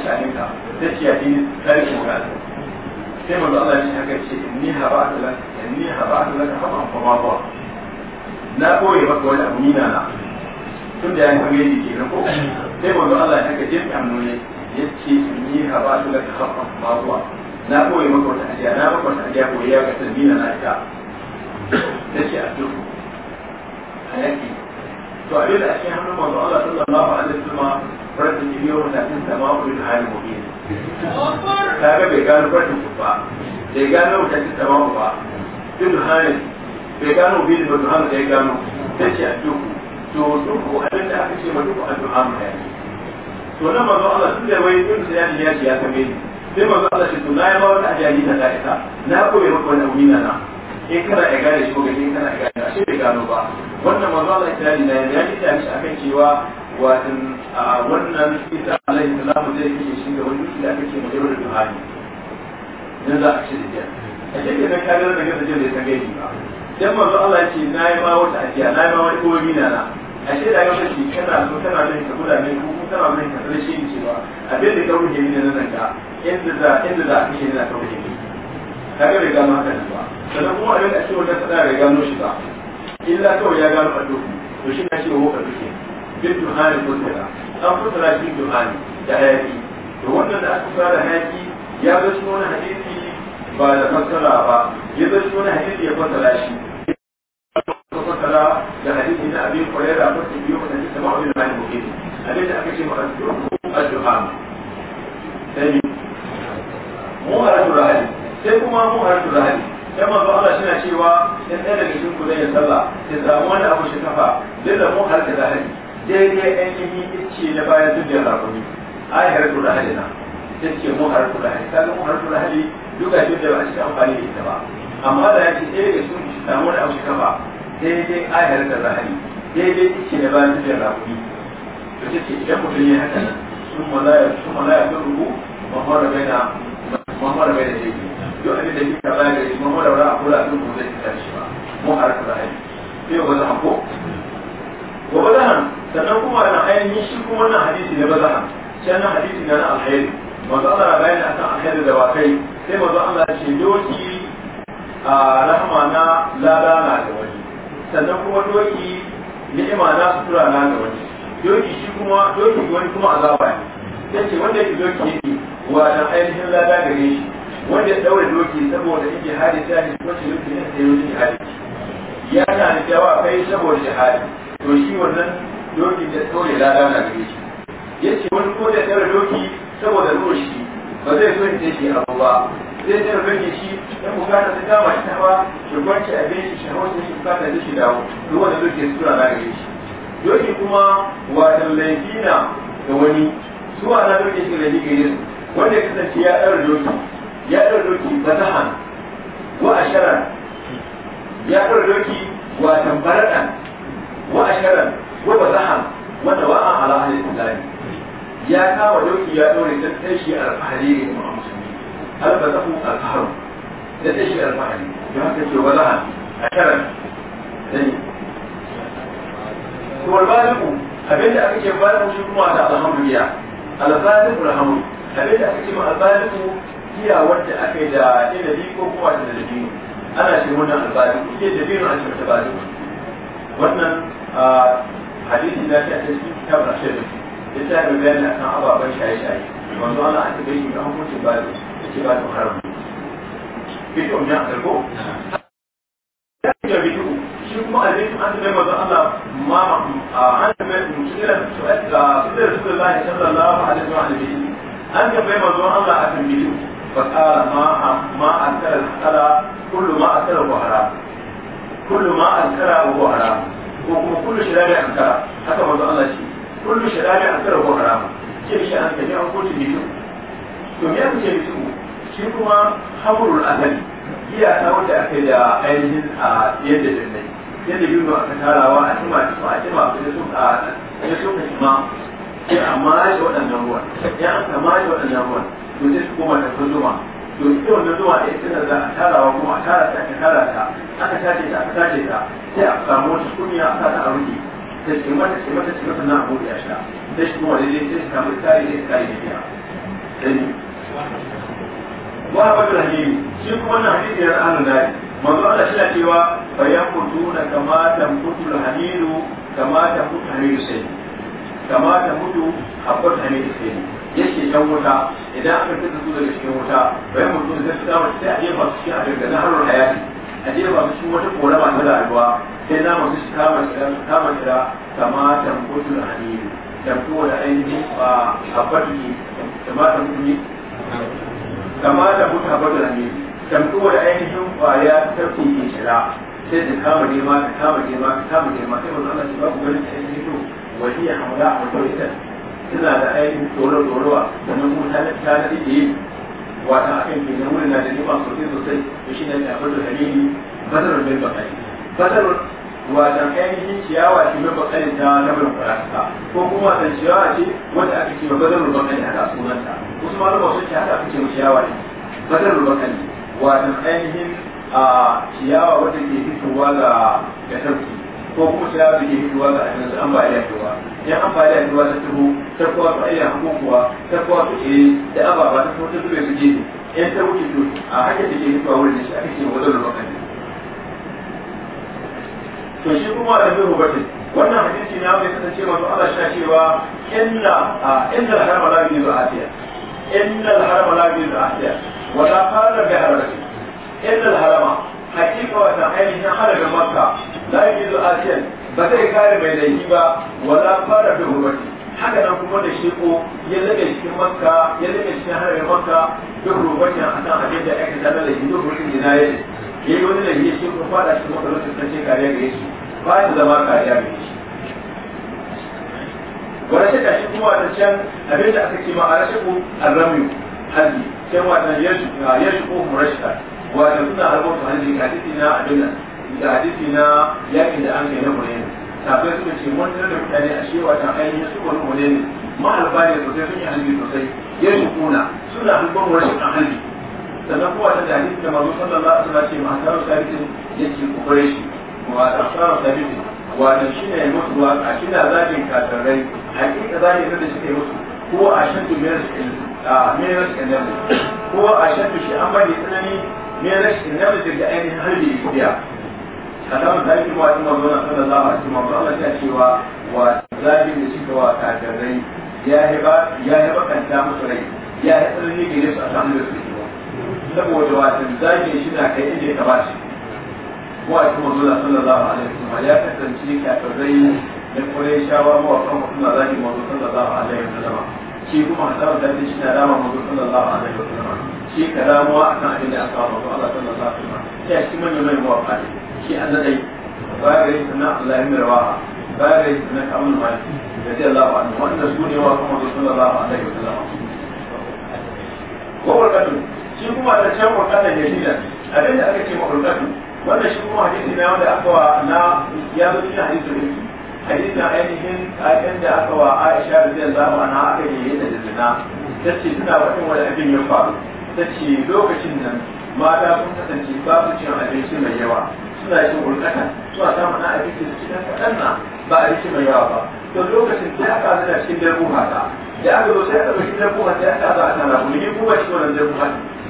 ta sai manzo Allah ya ce ni ni ba na koyi maka wani abu na tun da ya yi hanyar jiki na sai manzo Allah ya haka jefi ya ce ni haba'atu laka haban fa ba na koyi maka da ajiya na maka wata ajiya koyi ya ga na ita ta ce a duk a yaki to a yau da ake hannun manzo Allah sallallahu alaihi wasallam farkon jimiyar na cin sama kuri da hali mu'min ta ga bai gano farkon ba bai gano ta cin sama ba duk hali bai gano bin ba duhan da bai gano ta ce a duku to duku abin da aka ce ma duku a duhan ma ya to nan mazo Allah tun da wai duk da ya ce ya kame ni sai mazo Allah shi to na yi ba wata ajali ta da'ita na koyi maka wani abu na na in kana ya gane shi ko ga in kana ya gane shi bai gano ba wannan mazo Allah ya tsari na ya ji da shi akan cewa wajen a wannan isa alaihi salamu zai ke shi ga wani da aka mai duhani za a ce da jiya a da gasa jiya ba dan manzo Allah ce na yi ma wata ajiya na yi ma wani na a ce da gasa shi kana so kana mai ka kula mai kana mai ka shi ce ba da na nan ga inda za inda za a na ba sannan kuma abin da ake shi ba illa kawai ya gano a to shi na ce wa ka duke bin duhani mutala an mutala bin duhani da yaki. to wannan da aka fara hayaki ya zo shi wani hadisi ba da fassara ya zo shi wani hadisi ya fassara shi fassara da hadisi na abin kwarewa masu biyu wanda ya sama abin da mutum da aka ce sai rahali sai kuma mu haratu rahali sai manzo Allah shi cewa in ɗaya daga cikin ku zai yi sallah sai samu wani abu shi kafa zai zama mu rahali daidai ainihin ice na bayan dubiyar rakumi ai harfu da halina ta ce mu harfu da hali kaga mu harfu da hali duka duk da ba a cika amfani da ita ba amma da ya ce ɗaya da sun samu wani abu cika ba daidai ai harfu da hali daidai ice na bayan dubiyar rakumi to ta ce idan mutum ya haka sun malaya sun malaya sun rubu mamara bai na mamara bai da daidai duk abin da kika bayar da shi mamara wani abu da sun rubu zai fita shi ba mu harfu da hali sai ba za a ko gobe da sannan kuma na ainihin shi kuma wannan hadisi na bazaha shi na hadisi na alkhairi manzo Allah ya bayani akan alkhairi da wakai sai manzo Allah ya ce doki a rahama na lada na da wani sannan kuma doki ni'ima na sutura na da wani doki shi kuma doki wani kuma azaba ne yace wanda yake doki yake wa dan ainihin lada gare shi wanda ya daure doki saboda yake hadi ta ne kuma doki ne sai yake hadi ya ta ne jawa kai saboda jihadi to shi wannan doki da tsore da na da shi Ya ce wani ko da tsare doki saboda ruwan shi ba zai so ya shi abu ba zai tsare doki shi dan bukata ta dama shi ba shi kwanci a bai shi shi hawa shi bukata da shi dawo ruwan da doki sura na gare shi doki kuma wa laifina da wani zuwa na doki shi laifi gare su wanda ya kasance ya tsare doki ya tsare doki fasahan wa asharan ya tsare doki wa tambaradan wa asharan وبزحم وتواء على أهل الإسلام يا كاوى دوكي يا دوري تتشي الفحرير مع المسلمين هل بدأه الفحر تتشي الفحرير كما تتشي وبزحم أكرم to albaliku abinda aka ce baliku shi kuma da alhamdulillah albaliku alhamdu abinda aka ce albaliku iya wanda aka yi da inabi ko kuma da dabino ana ce wannan albaliku ke dabino a cikin albaliku wannan ah, حديث لا تأتي في كتاب الأشياء لسه بيان أن أبا بن شاي شاي وأنه أنا أنت بيجي من أهم تبادل تبادل خرم بيت أمي أخرجه شو ما أدري أنت لما الله ما آه، أنا مشكلة سؤال آه، رسول الله صلى الله عليه وسلم أنت بما الله أتم فقال ما ما أكل الحلال كل ما أكله حرام كل ما أكله هو حرام ko kuma kullu shirari an kara haka manzo Allah ce kullu shirari an kara ko harama ce shi an kaji an kotu ne to me yake ce bisu shi kuma haburul asali giya ta wanda aka da ainihin a yadda dinnai yadda yuno aka tarawa a cima a cima a da sun a da sun ma sai amma shi waɗannan ruwan ya amma shi waɗannan ruwan to sai su koma da kunzuma to ita wannan zuwa da ita da a tarawa kuma a tara ta aka tara ta aka tace ta aka tace ta sai a samu wata kunya a sa ta a rufe ta ce mata ce mata ce mata na abu da sha ta shi kuma daidai sai ta samu tsari da tsari da biya dani wa ba da hadisi shi kuma na hadisi ya ra'anu da manzo Allah shi cewa bayan kutuna kama tamkutu hadiru kama da tamkutu hadiru sai kama da mutu habbatu hadiru sai yake dan wuta idan aka fita su daga cikin wuta bai mutum zai fita wata sai a jefa su cikin a da na harar hayati a jefa su cikin wata kora ba ta rayuwa sai na musu su kama tsira su kama tsira kama tamkutu da hannu tamko da ainihin ba a fadi kama tamkutu ne kama tamkutu a fadi hannu tamko da ainihin kwaya tafi kuke shira sai ta kama nema ta kama nema ta kama nema sai wanda ana ce ba ku gani ta ainihin to ya hamada a wajen suna da ainihin tsoro-tsorowa da nan kuma ta da yi wata a kan kenan wurin na da ni'ima sosai sosai da shi ne da abin da halili bazarar bai bakari bazarar wata ainihin ciyawa ce mai bakari ta lamarin kwarasa ko kuma wata ciyawa ce wanda aka ce bazarar bakari hada sunanta wasu malama sun ce hada aka ce ciyawa ne bazarar bakari wata ainihin ciyawa wata ke fitowa ga ga tafki ko kuma ta yawa bige hiduwa ga ajinsu an ba ya hiduwa ya an ba ya hiduwa ta tuhu ta kuwa su ayyana hukukuwa ta kuwa su ke da ababa ta ta tuwe su gefe in ta wuce to a haka da ke hiduwa wurin da shi ake ce wadda da makani to shi kuma a ɗafi rubatin wannan hadisi na mai kasance masu ala sha cewa inna a inna al-harama la yuzu afiya inna al-harama la yuzu afiya wala qala bi haramatin inna harama hakika wannan ainihin harabin makka la yi zuwa asiyan ba zai kare mai laifi ba wala fara da hurmati haka nan kuma da sheko ya zaga cikin makka ya zaga cikin harabin makka duk rubatin a kan abin da aka zama laifi duk wurin gina ya ne ya yi wani laifi ya ce kuma fada shi maka lokacin sace kariya gare shi ba ya zama kariya gare shi wani shakka shi kuma da can abin da aka ce ma a rashiku arramiyu hali sai wannan ya shigo mu rashika wato suna harkar su hanji ga hadisi na abin ga hadisi na yakin da an kai na hunayen Tafai suka ce mun tare da mutane a shewa ta ainihin su wani hunayen mahalba ne sosai sun yi halbi sosai ya shi kuna suna harkar rashin an halbi sannan kowa ta da hadisi da mazu sallallahu alaihi wasallam ce ma sarar sabitin yake kokare shi wa sarar sabitin wato shi ne musu wa a shi na zagin kasarai hakika zagin da shi ne musu ko a shan dumiyar su a miyar su ko a shan dushi an bari tsanani ne rashin namijin da ainihin harbi biya kadan da yake wa imam zuwa sallallahu alaihi wa sallam Allah ya cewa wa zabi da shi wa kafirai ya hiba ya kan musu rai ya yi tsarni gare su a samun da su yi ba saboda wato zabi shi da kai inda ya kaba shi wa imam zuwa sallallahu alaihi wa sallam ya kasance kafirai da kore shawa mawakan mutum da zabi wa sallallahu alaihi wa sallam shi kuma hasarar da ake shi na dama mazu sallallahu alaihi wa sallam shi ka damuwa a kan abin da aka kawo Allah sallallahu alaihi wa sallam ya shi manyan manyan mawaƙa ne shi an daɗai ba ga yi sannan Allah ya mira ba ga yi sannan kamun maliki da zai Allah wa'adu wanda su ne wa kuma mazu sallallahu alaihi wa sallam ko warkatu shi kuma da can warkatan ya shida abin da aka ce ma warkatu wannan shi kuma hadisi na wanda aka wa na ya zo cikin hadisin hadisin ainihin ayan da aka wa Aisha radiyallahu anha aka yi da zina tace suna wani wani abin ya faru tace lokacin nan mata sun kasance babu cin abinci mai yawa suna cin ulkata suna samun abinci da cikin kaɗan na ba abinci mai yawa ba to lokacin sai aka zana cikin dabbuha ta da aka zo sai aka zo cikin dabbuha sai aka zo aka na kuli kuma shi wannan dabbuha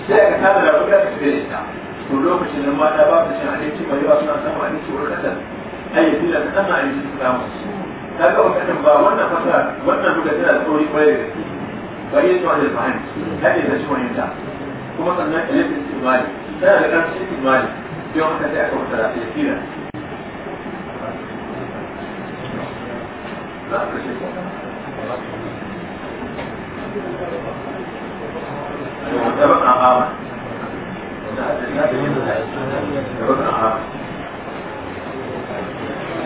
sai aka tada da kuɗi aka shiga da ita to lokacin nan mata babu cin abinci mai yawa suna samun abinci ulkata ai fi da sama a cikin samu ta ga wakilin ba wannan fasa wannan duka tana da tsori kwaye da su bari yin wani fahimci haɗe da shi wani ta kuma sannan ilifin imani tana da ƙarfin imani don haka sai aka wata rafi fira وتبقى عامة وتبقى عامة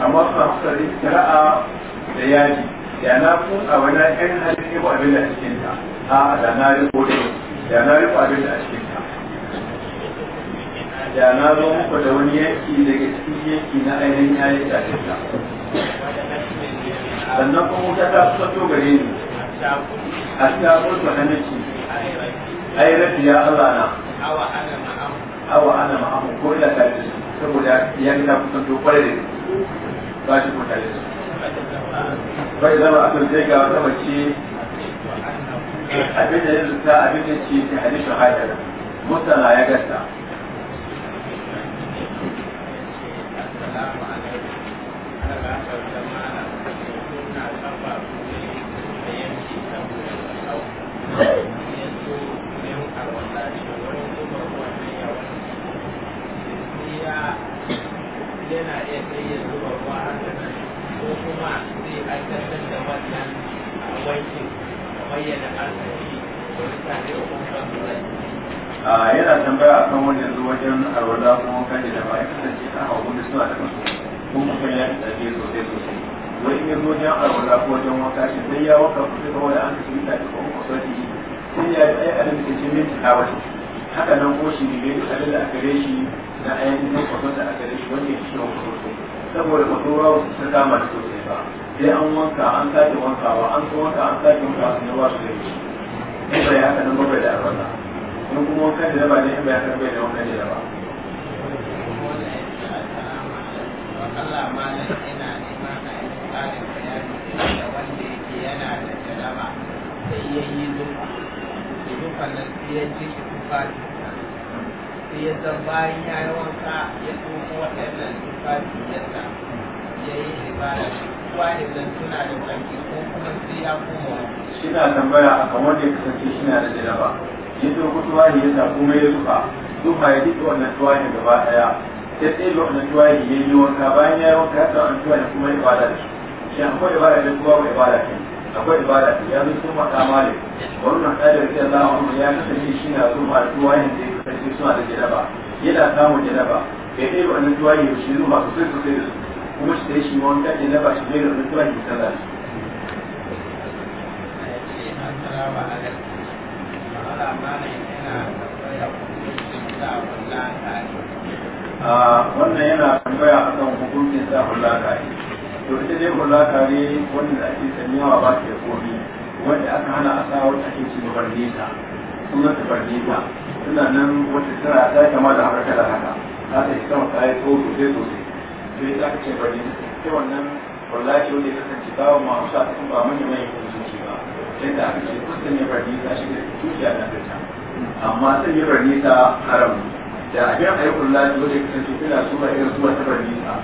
amma su hafsari kira'a da yaji ya na a wani yan halin ibo abin da a cikin ta a da na yi kodin ya na yi abin da a cikin ta da na zo muku da wani yanki daga cikin yanki na ainihin yayin da cikin ta sannan kuma wuta ta fito gare ni a cikin abin da hannun ci ai rafi ya Allah na awa ana ma'amu ko ina tare da su saboda ya nuna kusan to kwarai da ba shi ko tare da su bai zama a sai ga wata mace abin da ya zuta abin da ce ta hadisu hajar mutana ya gasta Thank you. yana iya tsaye zuba ruwa haka nan ko kuma zai aikatar da wannan wankin kamar yadda aka da mutane da kuma a yana tambaya a kan wani yanzu wajen arwada kuma kan da ba ya kasance ta hawa wani suna da masu ko mutum ya tafi sosai sosai wani ya zo wajen arwada ko wajen wanka shi sai ya waka kusa ga wani an ka shirin da ko kuma sosai sai ya yi alimtacin minti na wani haka nan ko shi ne da aka gare shi na ainihin kwakwato da saboda kwakwaro wasu ta kama da sosai ba sai an wanka an sake wankawa an so wanka an sake wanka su ne ba su da in bai haka nan bakwai da arwata in kuma wanka da daba ne in bai haka bai da wanka da daba. Allah ma na ina neman a yi tsarin bayani da wanda yake yana da jaraba sai ya yi zufa. Zufa nan sai ya ji sai ya zan bayan ya yi wanka ya tsoko waɗannan tufafi yadda ya yi ibada kuwa idan suna da wanki ko kuma sai ya koma shi na tambaya a kamar da ya kasance shi na da jaraba ya tsoko tuwahi ya zaɓo mai ya zufa zufa ya duka wannan tuwahin gaba ɗaya sai tsaye da wannan tuwahi ya yi wanka bayan ya yi wanka ya tsawon tuwahi kuma ibada da shi shi akwai ibada da kuma ba ibada ce akwai ibada ce ya zo sun maƙa malik wani na tsaye da rikiyar lawan ya kasance shi na zufa tuwahin da ya kasance suna da jaraba yana samun jaraba ya ɗaya wani tuwa ya shi ruwa sosai sosai da su kuma shi dai shi ma wani kaɗe na ba shi zai da wani tuwa ya sallah shi. wannan yana tambaya a kan hukuncin sa hulaka ne to ita dai hulaka ne wanda ake sanyawa ba ke komi wanda aka hana a sa ake ci nesa sunan ta barnita suna nan wata tana ta yi kama da haka da haka za ta yi sama ta yi tsoho sosai sosai sai za ka ce bari sai wannan wallahi wanda ya kasance ba ma hausa a cikin ba manyan manyan kusurci ba yadda aka ce kusan ya bari ta shi da tuciya na ta amma sai ya bari ta haram da abin ayyukan lafi wanda ya kasance kuna sura irin sura ta bari ta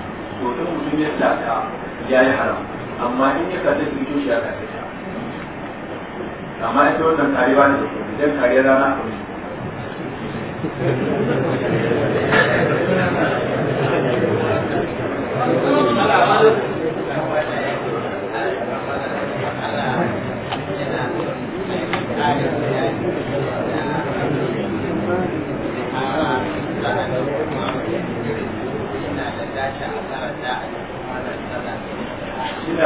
to ta mutum ya tsaka ya yi haram amma in ya kasa ta tuciya ka ta amma ita wannan kariya ne da kuma idan kariya rana a kuma suna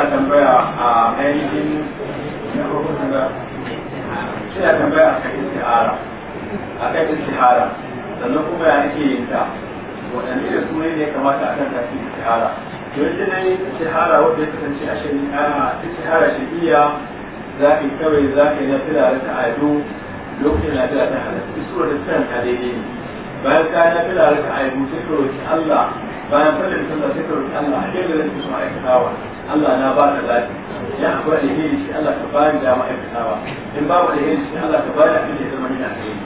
tambaya a ainihin na hukunan da suna tambaya a kan istihara a kan istihara sannan kuma ya ake yin ta waɗanne da sune ne ya kamata a kan tafi istihara don shi ne istihara wanda ya kasance a shari'a istihara shari'a za ka yi kawai za ka yi na fila da ta'adu lokacin na fila ta halatta isura da tsiran ka daidai ne bayan ka na fila da ta'adu sai ka roƙi Allah bayan fadar sallah sai ka roƙi Allah a kai da rashin su aikatawa Allah na ba ka zafi ya akwai alheri shi Allah ka bani dama aikatawa in babu alheri shi Allah ka bani abin da ya zama ni na alheri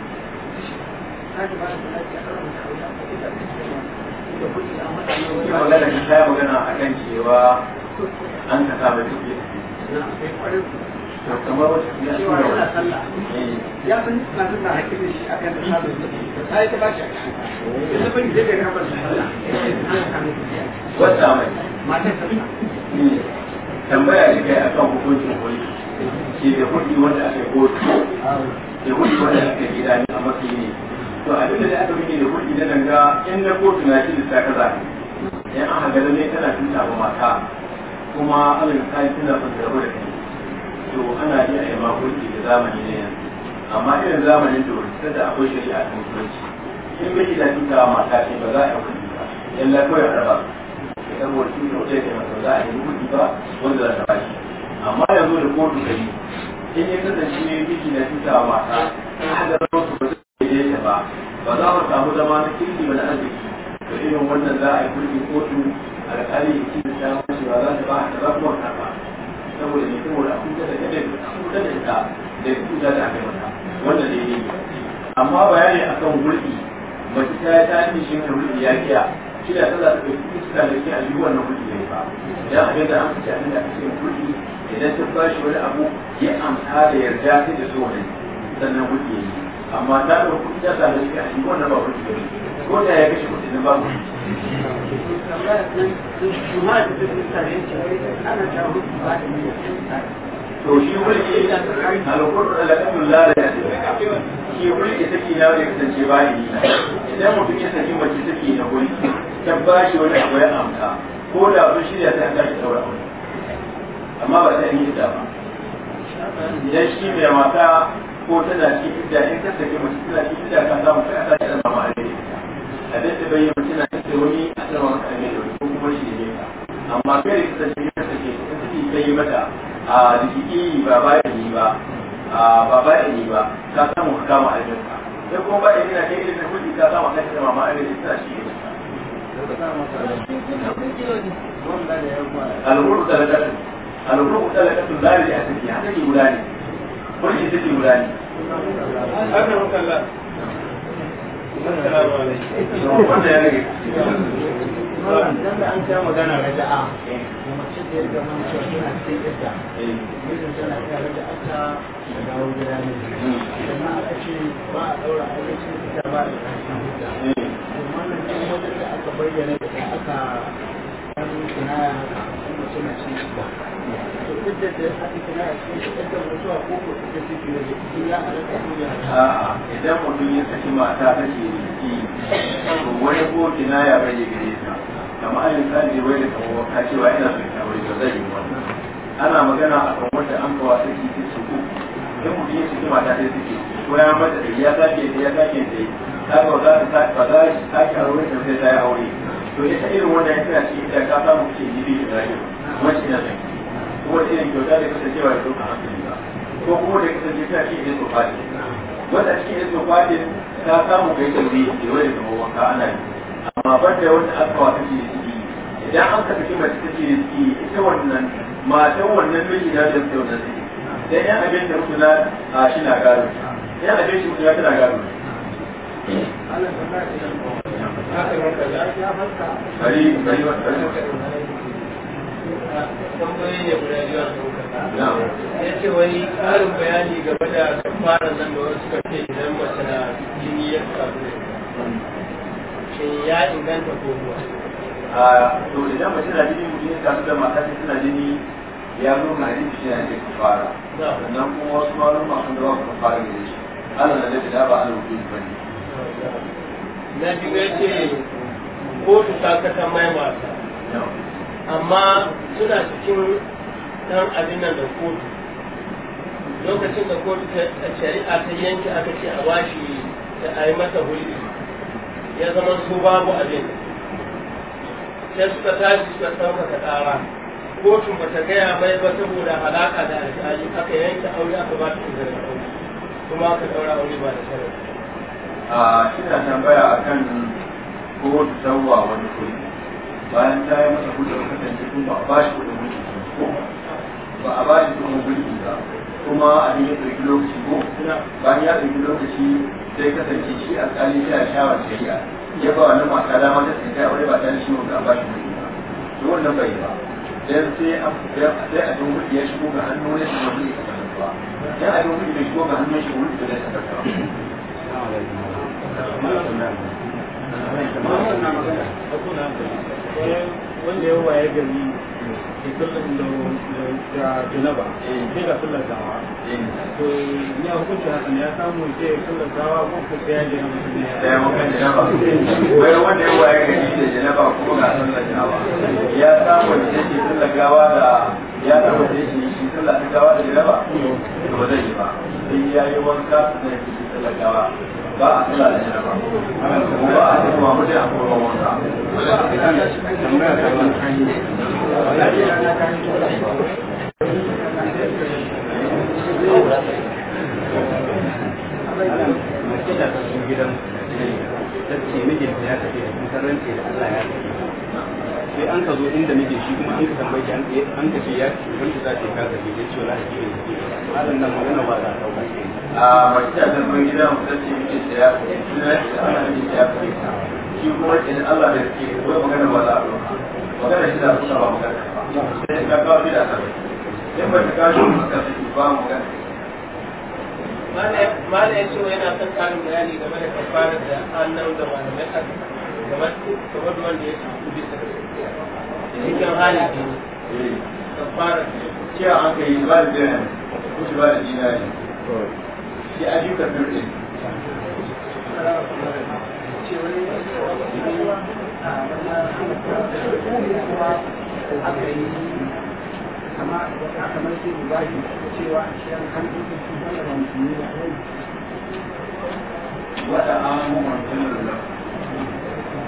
Ina magana shi ta magana a kan cewa an ka saba duk to kamar wata ya shi wani ya san na nuna hakkin shi a kan ta saba duk ta a kan ta ta bani zai ga rabar da Allah wata da kai akan hukuncin koli ke da aka yi gida ne a matsayi ne to abin da aka mini da kuɗi na danga in na kotu na shi da kaza in aka ga lalle tana tunta ba mata kuma Allah ya kai tana son da rubuta to ana yi a yamma kuɗi da zamani ne yanzu amma irin zamanin da wani da akwai shari'a ta mutunci in bai da tunta ba mata ce ba za a yi kuɗi ba na kawai a raba saboda shi ne wata yake masa za a yi kuɗi ba wanda za ta ba shi amma yanzu da kotu kai in ya kasance ne biki na tunta ba mata a hadarar wasu ba daidaita ba ba za mu samu zama na kirki ba na arziki to irin wannan za a yi kulki kotu alƙali ya cikin ta mace ba za ta ba ta rabuwar ta ba saboda ne kuma da kuka da kada da kuka da ta da kuka da aka mata wannan daidai ne amma bayani akan mulki mace ta yi tashi shi ne mulki ya kiya shi da tana da kuka da ke aliyu wannan mulki ne ba idan a da an fice abin da aka ce mulki idan ta shi wani abu ya amsa da yarda sai da so ne sannan mulki ya yi amma ta da kuɗi ta sami shi a cikin wannan ba kuɗi ba ko da ya kashe kuɗi na ba kuɗi. to shi ke da alƙur'an alaƙadun lara ya ce shi ke saki na wani kasance ba ni na idan mutum ya saki mace saki na wani ta ba shi wani abu ya amsa ko da sun shirya ta haka shi ɗaura amma ba ta yi da ba idan shi mai mata ko ta da shi idda in ka sake mace tana shi samu sai aka tsara ma a a dai ta bayyana tana ita wani a tsara maka ne ko kuma shi ne ka amma kai da ta sake ta sake ta sake ta yi mata a jiki ba ba ya yi ba a ba ba ya yi ba ka samu ka kama aljanna sai kuma ba ya yi na kai da kuɗi ka samu ka tsara ma a dai ta shi ne الغرب ثلاثة الغرب ثلاثة لا يأتي في حتى يولاني wani ita ce wurani wanda ya rage an ta magana raja'a eh. mace da yarda mana cewa tana cikin yadda eh. mijin tana iya raja'a ta da dawo gida ne hmm. sannan aka ce ba a daura ainihin ita ba da kashin hujja amma eh. nan cikin wajen da aka bayyana da aka yan kinaya haka idan mutum ya saki mata ta ce ki to wani ko kina ya rage gare ta kama an yi tsari wai da kawo ka cewa ina son ka wai ba zai yi wannan ana magana a kan wanda an kawo saki ta ko idan mutum ya saki mata ta ce ko ya mata da ya sake ta ya sake ta ta ba za ta ba za ta sake aure ta sai ta yi aure to ita irin wannan ya tana cikin ta ka samu ce gidi da rayuwa mace na zai kuma irin kyauta da kasancewa da dukkan ba ko kuma da kasance ta shi irin tsofaɗi wanda cikin irin tsofaɗi ta samu kai tauri da wani kamar wanka ana yi amma ban da wanda aka wa kashi da ciki idan an ka kashi mace kashi da ciki ita wannan matan wannan miji na da ta wannan ciki dan yan abin da mutuna a shi na gado yan abin shi mutuna tana gado bari ya ce wani ƙarin bayani game da fara zan da wasu kafe idan mace na jini ya karu shi ya inganta ko ruwa to idan mace na jini ya karu da mata ta tana jini ya zo ga hadisi shi ne ke fara sannan kuma wasu malum masu da ba fara gare shi ana da nabi da ba ana rubutu ba ne na biyu ya ce kotu ta kasan mai mata amma suna cikin dan abin nan da kotu lokacin da kotu ta shari'a ta yanke aka ce a bashi da a masa hulɗi ya zama su babu abin sai suka tashi suka ɗaukaka ƙara kotun ba ta gaya mai ba saboda alaƙa da alƙali aka yanke aure aka ba ta izinin aure kuma aka ɗaura aure ba da sarari. a ina tambaya akan kotu sauwa wani kuɗi bayan ta yi masa hujja ba kasance kun ba a ba shi kudin mulki ba a ba shi kudin mulki ba kuma abin ya ɗauki lokaci ko bayan ya ɗauki lokaci sai kasance shi alƙali sai a shawar shari'a ya ba wannan mata dama ta tsinta wani ba ta shi wanda a ba shi mulki ba to wannan bai ba dan sai a sai a dungu ya shigo ga hannu ne shi wanda ka saka ba dan a dungu ya shigo ga hannu shi wanda ka saka ba Assalamu alaikum. wanda ya waye gari ke sallan da junaba sai ga sallar dawa to ya samu hakan ya samu je sallar dawa ko ko sai ya je mutum ya ya mukan junaba wai wanda ya waye gari da junaba kuma ga sallar dawa ya samu je shi sallar da ya samu je shi shi sallar gawa da to ba zai yi ba sai ya yi wanka da shi ba a kula da shi ba ba a gidan eh, ya tafi da sai an ka zo inda nake shi kuma an ka tambaye shi an ka ce ya ce ki za ki ka ka ce ce wala ke ne malam nan magana ba za ta dauka a mace ta tambaye gida mu ta ce ki ce ya ki ne ana ki ya ki shi kuma in Allah da ke ko magana ba za ta dauka magana shi da ku su ba magana sai ka ka bi da ta sai ba ta kashi ka ba magana Mala ya so yana son karin bayani game da kafarar da an nan da malamai kamar kamar wanda ya bisa cikin hali ta eh, fara cewa an kai ba da dirham ko ba da dinari shi a duka birnin amma aka mai sai ne wata an mu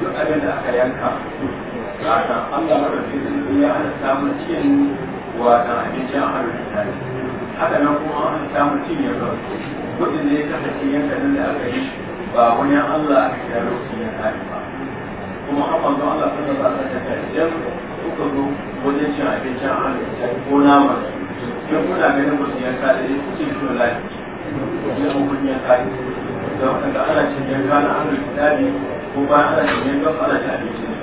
duk abin da aka yanka haka Allah madaukakin sarki ya halatta cin wata abincin haka nan kuma cin ne da aka yi ba wani Allah aka kira lokacin ya kare ba kuma an Allah ta ta idan kuka zo wajen cin abincin ko nama kuna ganin ya ya ya ya ana cin yanka na ko ba ana cin yanka ana cin abincin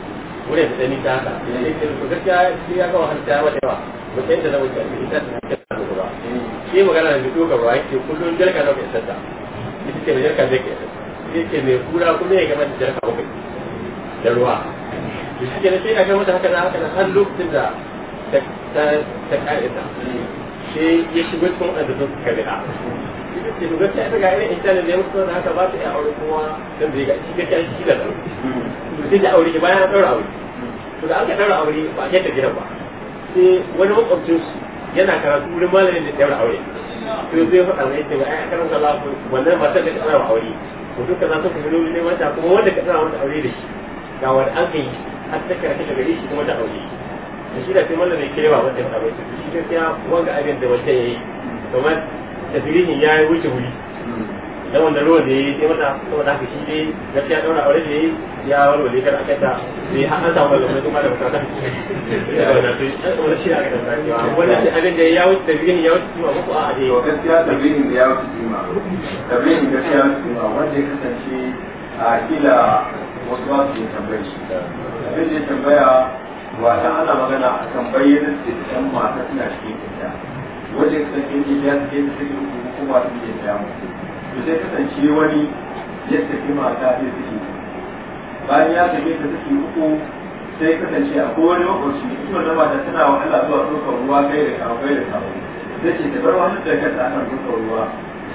wurin da ni ta haka ne ne ko gaskiya shi ya kawo hanta wa yawa mutum da zama karfi ita ta hanta da shi magana da duk ga ruwa yake kullun jarka da kai ta ce jarka da kai yake mai kura kuma ya gama jarka ko da ruwa to shi ne sai aka mata haka da haka har lokacin da ta ta ta sai ya shigo cikin adadin kabila to gaskiya ita ga irin intanet ya ba aure da aure daura aure to da aka daura aure ba ke ta ba sai wani makwabcin su yana karatu wurin malamin da daura aure to zai faɗa mai cewa ai karan da lafu wannan ba ta daura aure to duka za su gano ne mata kuma wanda ka daura wanda aure da shi ga wanda an kai har ta shi kuma ta aure shi da sai malamin wanda aure shi wanga abin da wanda kamar tasbihin ya yi wuce wuri dan wanda ruwan da yayi sai mata saboda haka shi dai gaskiya daura aure da yayi ya warware kada aka ta sai har an samu malamai kuma da da shi aka wannan shi abin da ya wuce ya wuce kuma muku a gaskiya ya wuce kuma gaskiya kuma wanda ya kasance a kila wasu ba su tambaye shi abin da ya tambaya wata ana magana akan bayyana da ta mata cikin Wajen kasance ne ya tafi da suke uku ko ba su ke samu to sai kasance wani ya tafi mata ya suke bayan ya tafi da suke uku sai kasance a kowane makwabci ita wannan mata tana wa Allah zuwa tsokar ruwa kai da kawo kai da kawo sai ce ta bar wani da kanta akan tsokar ruwa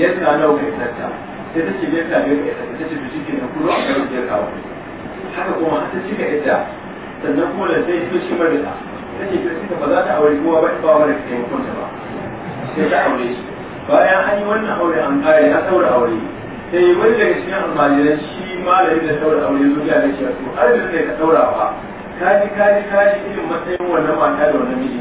yadda nawa kai tsarta sai ta ce yadda ne kai tsarta ta ce to shi ke na kuro a kai da kawo haka kuma ta cika ita sannan kuma da sai ta shi marina ta ce ta ba za ta aure kowa ba ta ba wa da kai mutunta ba sai ta aure shi bayan an yi wannan aure an kare ya saura aure sai wani daga cikin almajiran shi malami da saura aure zo ya da cewa to arzikin da ka saura ba kaji kaji kaji irin matsayin wannan mata da wannan miji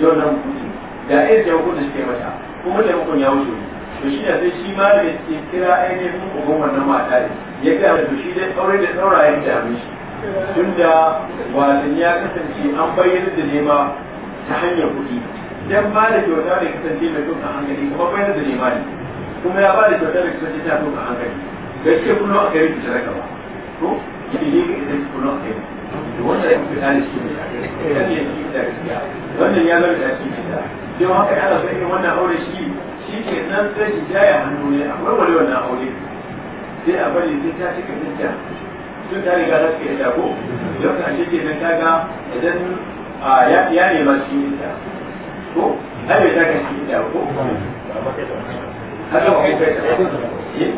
yau nan hukunci da irin da hukunci suke mata kuma da hukun ya wuce to shi da sai shi malami ke kira ainihin hukun wannan mata ne ya ga to shi dai aure da saura ya da mishi tunda wasan ya kasance an bayyana da nema ta hanyar kuɗi dan ba da kyauta da kasance mai dukkan hankali kuma bai da limani kuma ya ba da kyauta da kasance ta dukkan hankali gaske kullum aka yi ta raka ba ko shi ne idan kullum aka yi to wannan ya fita da shi ne ya ne shi da gaskiya wannan ya zama da shi haka ya da sai wannan aure shi shi nan sai jaya hannu ne akwai wani wannan aure sai a bari sai ta cika dinta tun ta riga da ka shi ke nan ga ya nema shi ne ta ko ai bai taka shi da ko haka ba kai kai eh?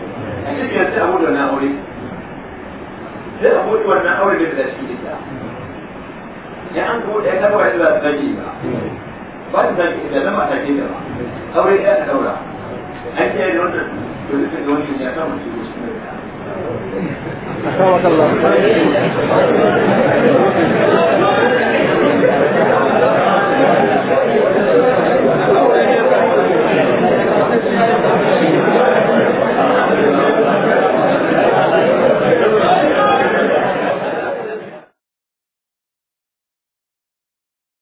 a cikin sai abu da na aure sai abu da aure da da shi da ya an ko da ta ba da za ta ba ba ta ji da zama ta ji da ba aure ya ta daura an ce da wannan to duk da wannan ya ta mutu shi ne أكرمك